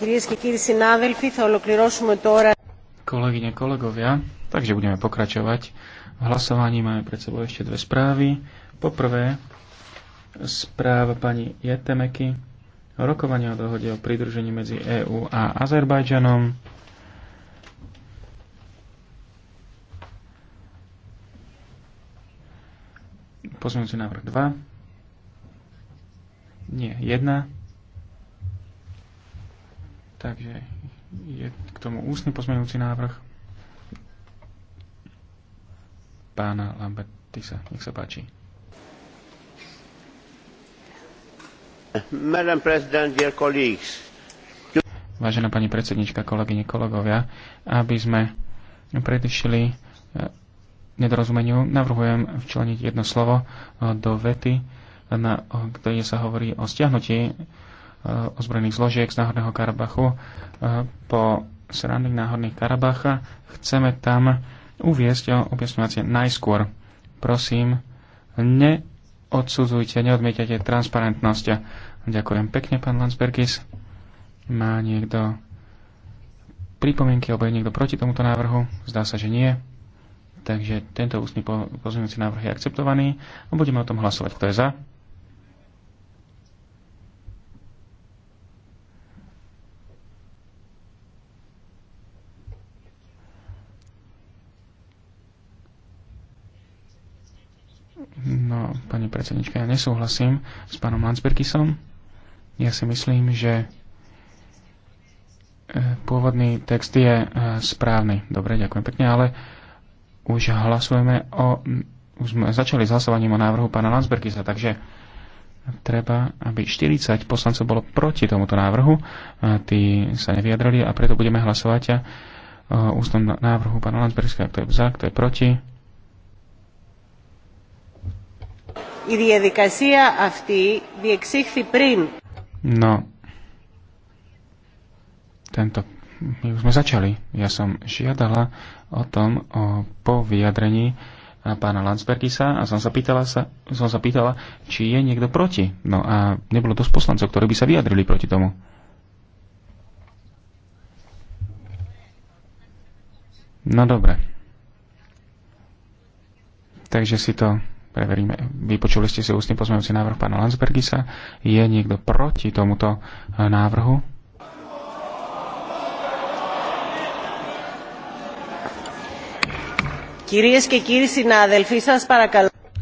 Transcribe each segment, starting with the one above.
Kolegyne, kolegovia, takže budeme pokračovať v hlasovaní. Máme pred sebou ešte dve správy. Poprvé, správa pani Jetemeky, rokovanie o dohode o pridružení medzi EÚ a Azerbajdžanom. Pozmeňujúci návrh 2. Nie, 1 Takže je k tomu ústny posmenujúci návrh pána Lambertisa. Nech sa páči. Madam President, dear colleagues. Vážená pani predsednička, kolegyne, kolegovia, aby sme predišli e, nedorozumeniu, navrhujem včleniť jedno slovo e, do vety, na, kde sa hovorí o stiahnutí Eh, ozbrojených zložiek z Náhorného Karabachu eh, po srandy Náhorných Karabacha. Chceme tam uviesť eh, objasňovacie najskôr. Prosím, neodsudzujte, neodmietajte transparentnosť. Ďakujem pekne, pán Landsbergis. Má niekto pripomienky alebo je niekto proti tomuto návrhu? Zdá sa, že nie. Takže tento ústny pozmeňujúci návrh je akceptovaný a budeme o tom hlasovať. Kto je za? No, pani predsednička, ja nesúhlasím s pánom Landsbergisom. Ja si myslím, že e, pôvodný text je e, správny. Dobre, ďakujem pekne, ale už hlasujeme o... Už sme začali s hlasovaním o návrhu pána Landsbergisa, takže treba, aby 40 poslancov bolo proti tomuto návrhu. E, tí sa nevyjadrali a preto budeme hlasovať o ústnom návrhu pána Landsbergisa, kto je za, kto je proti Η διαδικασία αυτή διεξήχθη πριν. No. Tento. My už sme začali. Ja som žiadala o tom o, po vyjadrení e, pána Landsbergisa a som sa, pýtala sa, som sa pýtala, či je niekto proti. No a nebolo dosť poslancov, ktorí by sa vyjadrili proti tomu. No dobre. Takže si to preveríme, vypočuli ste si ústny pozmeňujúci návrh pána Landsbergisa. Je niekto proti tomuto e, návrhu?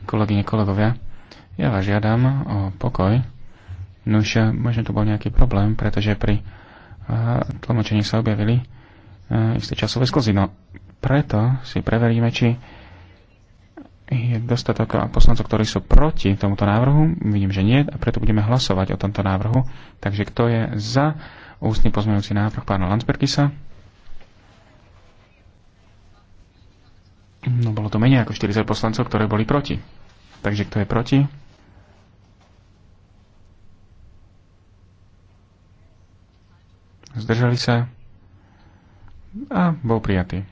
Kolegyne, kolegovia, ja vás žiadam o pokoj. No už e, možno tu bol nejaký problém, pretože pri e, tlmočení sa objavili isté časové sklzy. No preto si preveríme, či je dostatok poslancov, ktorí sú proti tomuto návrhu. Vidím, že nie a preto budeme hlasovať o tomto návrhu. Takže kto je za ústny pozmeňujúci návrh pána Landsbergisa? No bolo to menej ako 40 poslancov, ktoré boli proti. Takže kto je proti? Zdržali sa a bol prijatý.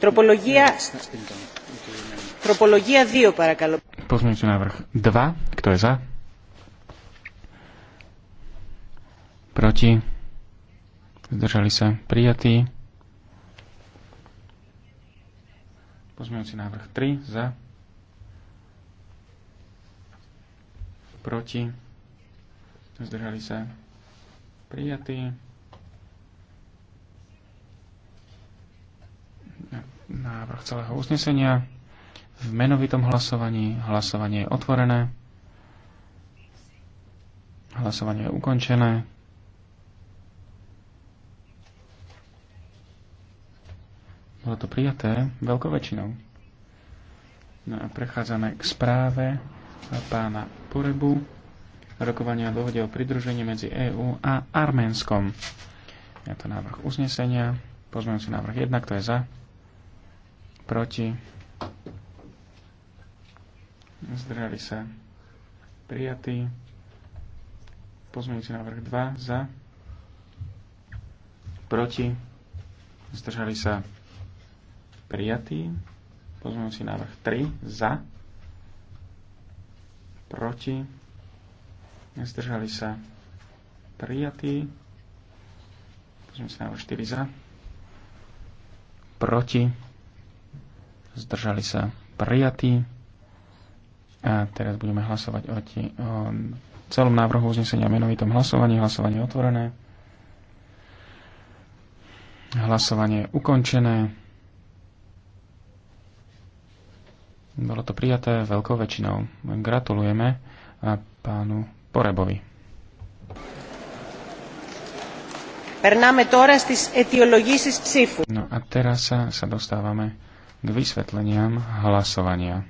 Tropologia. Τροπολογία 2, παρακαλώ. Pozmeňujúci návrh 2. Kto je za? Proti? Zdržali sa prijatí. Pozmeňujúci návrh 3. Za? Proti? Zdržali sa prijatí. návrh celého uznesenia. V menovitom hlasovaní hlasovanie je otvorené. Hlasovanie je ukončené. Bolo to prijaté veľkou väčšinou. No a prechádzame k správe pána Porebu. Rokovania dohode o pridružení medzi EÚ a Arménskom. Je to návrh uznesenia. Pozmeňujúci návrh 1, kto je za? proti, zdržali sa prijatí, pozmeňujúci návrh 2 za, proti, zdržali sa prijatí, pozmeňujúci návrh 3 za, proti, zdržali sa prijatí, pozmeňujúci návrh 4 za, proti, zdržali sa prijatí. A teraz budeme hlasovať o, ti, o celom návrhu uznesenia menovitom hlasovaní. Hlasovanie je otvorené. Hlasovanie je ukončené. Bolo to prijaté veľkou väčšinou. Gratulujeme a pánu Porebovi. No a teraz sa, sa dostávame k vysvetleniam hlasovania.